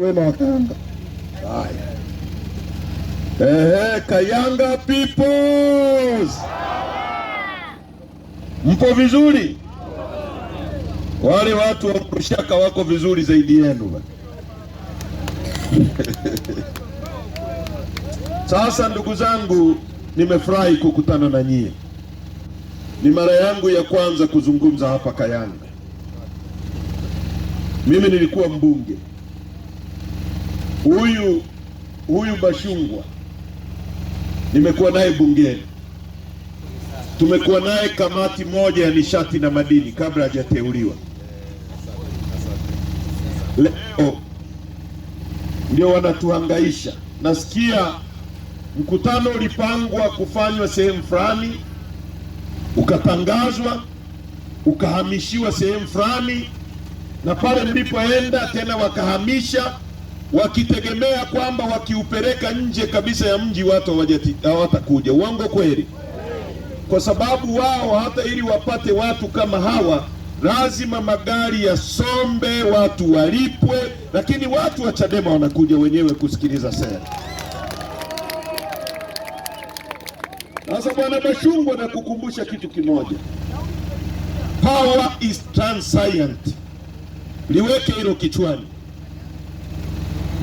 Wema Kayanga. Haya. Ehe, Kayanga peoples. Mpo vizuri? Wale watu wa Mrushaka wako vizuri zaidi yenu. Sasa ndugu zangu, nimefurahi kukutana na nyie. Ni mara yangu ya kwanza kuzungumza hapa Kayanga. Mimi nilikuwa mbunge Huyu huyu Bashungwa nimekuwa naye bungeni, tumekuwa naye kamati moja ya nishati na madini kabla hajateuliwa. Leo ndio wanatuhangaisha. Nasikia mkutano ulipangwa kufanywa sehemu fulani, ukatangazwa, ukahamishiwa sehemu fulani, na pale mlipoenda tena wakahamisha wakitegemea kwamba wakiupeleka nje kabisa ya mji watu hawatakuja. Uongo kweli? Kwa sababu wao hata ili wapate watu kama hawa lazima magari yasombe, watu walipwe, lakini watu wa Chadema wanakuja wenyewe kusikiliza sera. Sasa Bwana Bashungwa, kukumbusha kitu kimoja, power is transient, liweke hilo kichwani.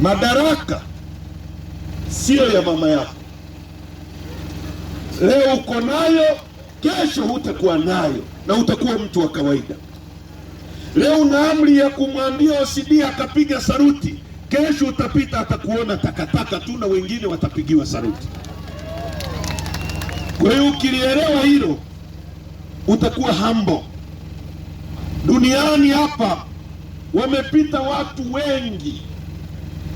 Madaraka siyo ya mama yako. Leo uko nayo, kesho hutakuwa nayo na utakuwa mtu wa kawaida. Leo una amri ya kumwambia OCD akapiga saruti, kesho utapita atakuona takataka tu na wengine watapigiwa saruti. Kwa hiyo ukilielewa hilo utakuwa hambo. Duniani hapa wamepita watu wengi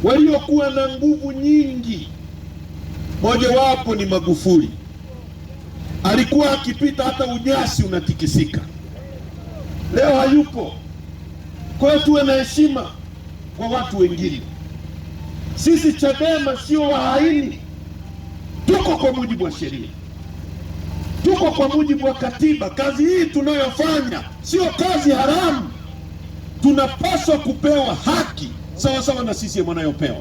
waliokuwa na nguvu nyingi, mojawapo ni Magufuli. Alikuwa akipita hata unyasi unatikisika. Leo hayupo. Kwa hiyo tuwe na heshima kwa watu wengine. Sisi Chadema sio wahaini, tuko kwa mujibu wa sheria, tuko kwa mujibu wa katiba. Kazi hii tunayofanya sio kazi haramu, tunapaswa kupewa haki sawa sawa na sisi wanayopewa.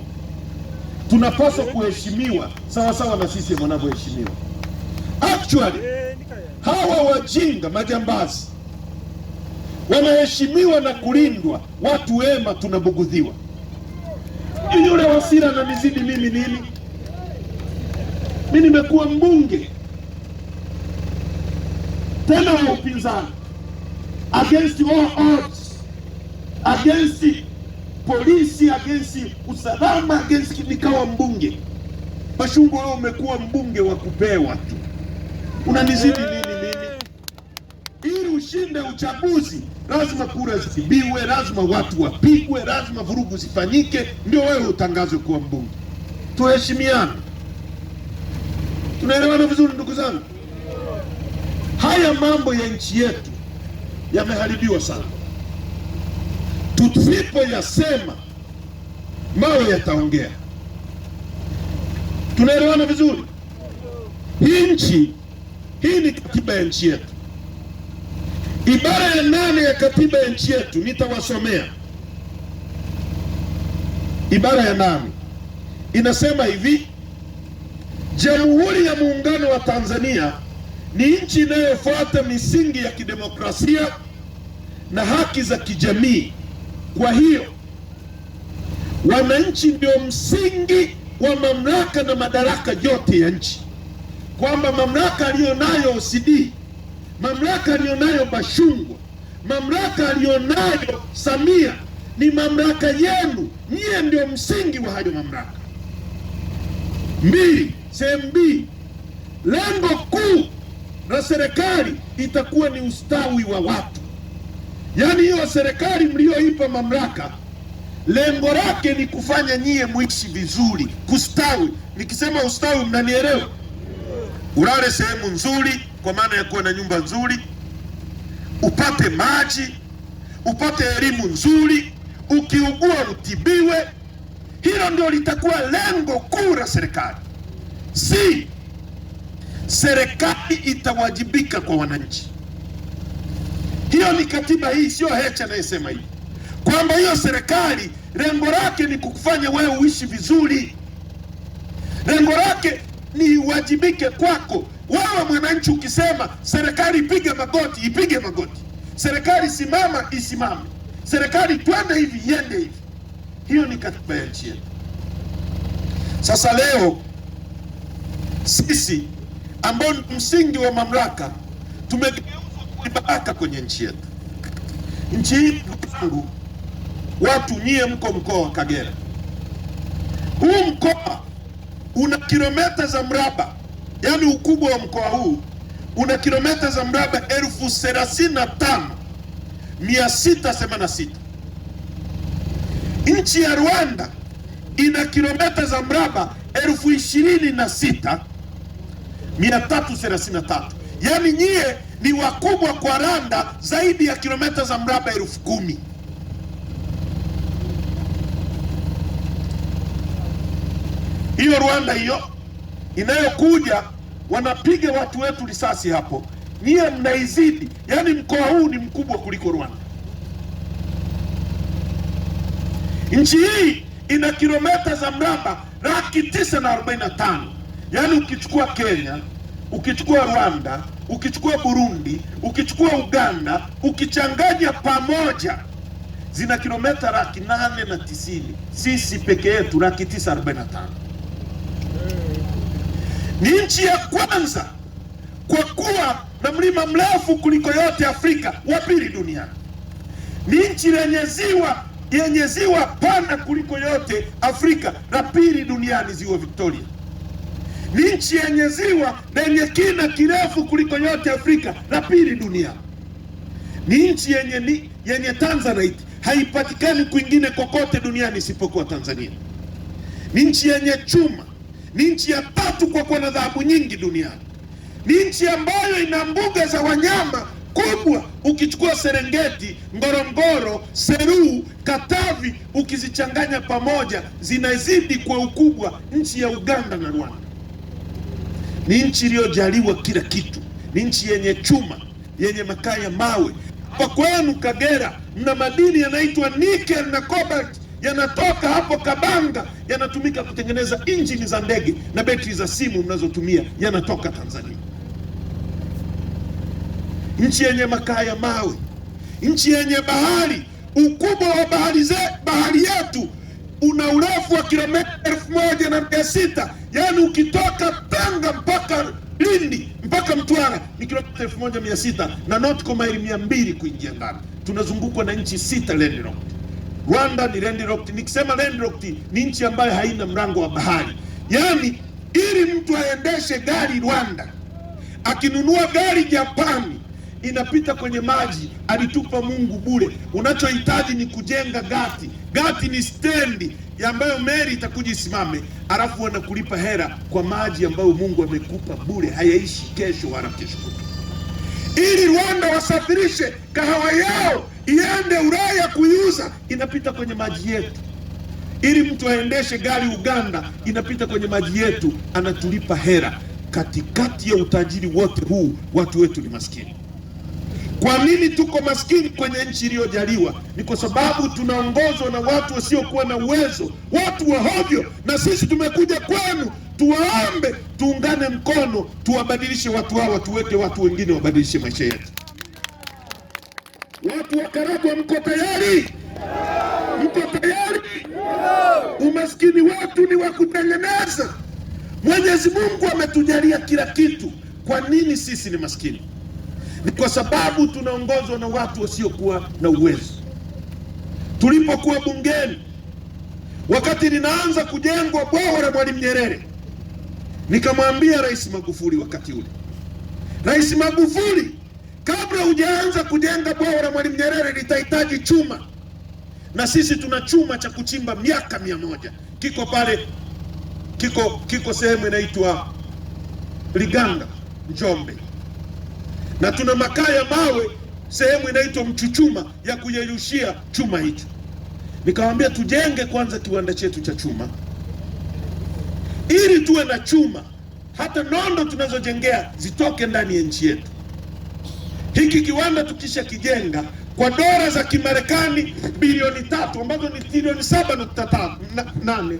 Tunapaswa kuheshimiwa sawa sawa na sisi wanavyoheshimiwa. Actually hawa wajinga majambazi wanaheshimiwa na kulindwa, watu wema tunabugudhiwa. Yule Wasira na mizidi mimi nini? Mi nimekuwa mbunge tena wa upinzani, against all odds, against polisi against usalama against, nikawa mbunge. Bashungwa, wewe umekuwa mbunge wa kupewa tu, unanizidi nini mimi? Ili ushinde uchaguzi lazima kura ziibiwe, lazima watu wapigwe, lazima vurugu zifanyike, ndio wewe utangazwe kuwa mbunge. Tuheshimiana, tunaelewana vizuri, ndugu zangu. Haya mambo ya nchi yetu yameharibiwa sana tusipoyasema mawe yataongea. Tunaelewana vizuri? Hii nchi hii ni katiba ya nchi yetu, ibara ya nane ya katiba ya nchi yetu. Nitawasomea ibara ya nane, inasema hivi: Jamhuri ya Muungano wa Tanzania ni nchi inayofuata misingi ya kidemokrasia na haki za kijamii kwa hiyo wananchi ndio msingi wa mamlaka na madaraka yote ya nchi, kwamba mamlaka aliyonayo OCD, mamlaka aliyonayo Bashungwa, mamlaka aliyonayo Samia ni mamlaka yenu nyiye, ndio msingi wa hayo mamlaka. Mbili, sehemu B, lengo kuu la serikali itakuwa ni ustawi wa watu. Yaani hiyo serikali mlioipa mamlaka lengo lake ni kufanya nyie mwishi vizuri, kustawi. Nikisema ustawi, mnanielewa? Ulale sehemu nzuri, kwa maana ya kuwa na nyumba nzuri, upate maji, upate elimu nzuri, ukiugua utibiwe. Hilo ndio litakuwa lengo kuu la serikali. Si serikali itawajibika kwa wananchi hiyo ni katiba hii, sio Heche anayesema hivi kwamba hiyo serikali lengo lake ni kukufanya wewe uishi vizuri, lengo lake ni iwajibike kwako wewe mwananchi. Ukisema serikali ipige magoti, ipige magoti; serikali simama, isimame; serikali twende hivi, iende hivi. Hiyo ni katiba ya nchi yetu. Sasa leo sisi ambao ni msingi wa mamlaka tume mipaka kwenye nchi yetu. Nchi hii tangu watu nyie mko mkoa wa Kagera, huu mkoa una kilomita za mraba, yaani ukubwa wa mkoa huu una kilomita za mraba elfu thelathini na tano mia sita themanini na sita. Nchi ya Rwanda ina kilomita za mraba elfu ishirini na sita mia tatu thelathini na tatu. Yaani nyie ni wakubwa kwa Randa zaidi ya kilomita za mraba elfu kumi. Hiyo Rwanda hiyo inayokuja wanapiga watu wetu risasi hapo, nyie mnaizidi. Yaani mkoa huu ni mkubwa kuliko Rwanda. Nchi hii ina kilomita za mraba laki tisa na arobaini na tano, yaani ukichukua Kenya ukichukua Rwanda, ukichukua Burundi, ukichukua Uganda, ukichanganya pamoja zina kilomita laki nane na tisini, sisi peke yetu laki tisa arobaini na tano. Ni nchi ya kwanza kwa kuwa na mlima mrefu kuliko yote Afrika, wa pili duniani. Ni nchi lenye ziwa yenye ziwa pana kuliko yote Afrika, la pili duniani, ziwa Victoria ni nchi yenye ziwa na yenye kina kirefu kuliko yote Afrika na pili dunia. Ni nchi yenye, yenye tanzanite haipatikani kwingine kokote duniani isipokuwa Tanzania. Ni nchi yenye chuma, ni nchi ya tatu kwa kuwa na dhahabu nyingi duniani. Ni nchi ambayo ina mbuga za wanyama kubwa, ukichukua Serengeti, Ngorongoro, Seru, Katavi, ukizichanganya pamoja zinazidi kwa ukubwa nchi ya Uganda na Rwanda. Ni nchi iliyojaliwa kila kitu, ni nchi yenye chuma, yenye makaa ya mawe. Kwa kwenu Kagera mna madini yanaitwa nikel na cobalt, yanatoka hapo Kabanga, yanatumika kutengeneza injini za ndege na betri za simu mnazotumia, yanatoka Tanzania. Nchi yenye makaa ya mawe, nchi yenye bahari, ukubwa wa bahari, bahari yetu una urefu wa kilomita elfu moja na mia sita yaani ukitoka Tanga mpaka Lindi mpaka Mtwara ni kilomita elfu moja mia sita na NOTCO maili mia mbili kuingia ndani. Tunazungukwa na nchi sita landlocked. Rwanda ni landlocked. Nikisema landlocked ni nchi ambayo haina mlango wa bahari, yaani ili mtu aendeshe gari Rwanda, akinunua gari Japani inapita kwenye maji, alitupa Mungu bure. Unachohitaji ni kujenga gati. Gati ni stendi ambayo meli itakuja isimame, alafu wanakulipa hera kwa maji ambayo Mungu amekupa bure, hayaishi kesho wala kesho kutu, ili Rwanda wasafirishe kahawa yao iende Ulaya kuiuza, inapita kwenye maji yetu ili mtu aendeshe gari Uganda inapita kwenye maji yetu, anatulipa hera. Katikati ya utajiri wote huu, watu wetu ni maskini. Kwa nini tuko maskini kwenye nchi iliyojaliwa? Ni kwa sababu tunaongozwa na watu wasiokuwa na uwezo, watu wa hovyo. Na sisi tumekuja kwenu tuwaombe, tuungane mkono, tuwabadilishe watu hawa, tuweke watu wengine wabadilishe maisha yetu. Watu wa Karagwe, mko tayari? Mko tayari? Umaskini wetu ni wa kutengeneza. Mwenyezi Mungu ametujalia kila kitu, kwa nini sisi ni maskini? ni kwa sababu tunaongozwa na watu wasiokuwa na uwezo. Tulipokuwa bungeni, wakati linaanza kujengwa bwawa la Mwalimu Nyerere, nikamwambia Rais Magufuli wakati ule, Rais Magufuli, kabla hujaanza kujenga bwawa la Mwalimu Nyerere litahitaji chuma, na sisi tuna chuma cha kuchimba miaka mia moja kiko pale, kiko kiko sehemu inaitwa Liganga, Njombe na tuna makaa ya mawe sehemu inaitwa Mchuchuma ya kuyeyushia chuma hicho. Nikamwambia tujenge kwanza kiwanda chetu cha chuma ili tuwe na chuma, hata nondo tunazojengea zitoke ndani ya nchi yetu. Hiki kiwanda tukisha kijenga kwa dola za Kimarekani bilioni tatu ambazo ni trilioni saba nukta nane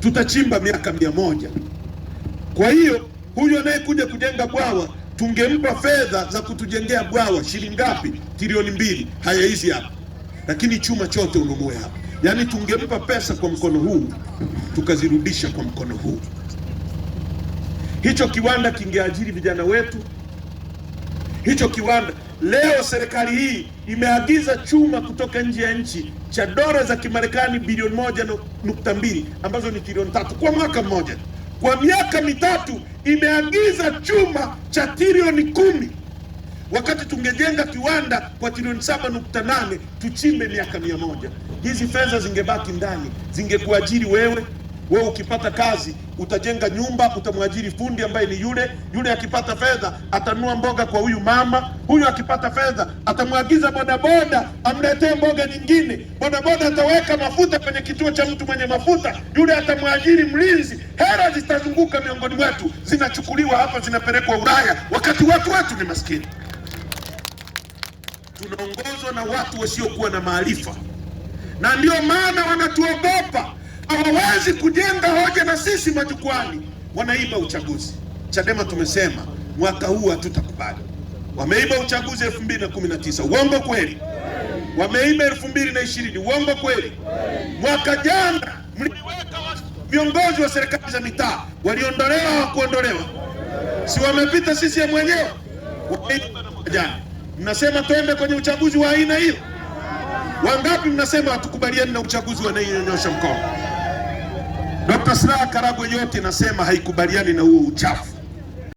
tutachimba miaka mia moja. Kwa hiyo huyu anayekuja kujenga bwawa tungempa fedha za kutujengea bwawa shilingi ngapi? Trilioni mbili. Haya, hizi hapa, lakini chuma chote ununue hapa. Yaani tungempa pesa kwa mkono huu tukazirudisha kwa mkono huu. Hicho kiwanda kingeajiri vijana wetu. Hicho kiwanda leo, serikali hii imeagiza chuma kutoka nje ya nchi cha dola za Kimarekani bilioni moja nukta mbili ambazo ni trilioni tatu kwa mwaka mmoja kwa miaka mitatu imeagiza chuma cha trilioni kumi wakati tungejenga kiwanda kwa trilioni saba nukta nane tuchimbe miaka mia moja. Hizi fedha zingebaki ndani, zingekuajiri wewe wewe ukipata kazi utajenga nyumba, utamwajiri fundi ambaye ni yule yule. Akipata fedha atanunua mboga kwa huyu mama, huyu akipata fedha atamwagiza bodaboda amletee mboga nyingine. Bodaboda ataweka mafuta kwenye kituo cha mtu mwenye mafuta, yule atamwajiri mlinzi. Hela zitazunguka miongoni mwetu, zinachukuliwa hapa zinapelekwa Ulaya, wakati watu wetu ni maskini. Tunaongozwa na watu wasiokuwa na maarifa, na ndio maana wanatuogopa hawawezi kujenga hoja na sisi majukwani, wanaiba uchaguzi. Chadema tumesema mwaka huu hatutakubali. Wameiba uchaguzi 2019 uongo kweli? Wameiba 2020 uongo kweli? Mwaka jana mliweka viongozi wa serikali za mitaa, waliondolewa kuondolewa, Si wamepita sisi mwenyewe jana mnasema twende kwenye uchaguzi wa aina hiyo? Wangapi mnasema hatukubaliani na uchaguzi wanayenyosha mkono? Dr. Slaa Karagwe yote nasema haikubaliani na huo uchafu.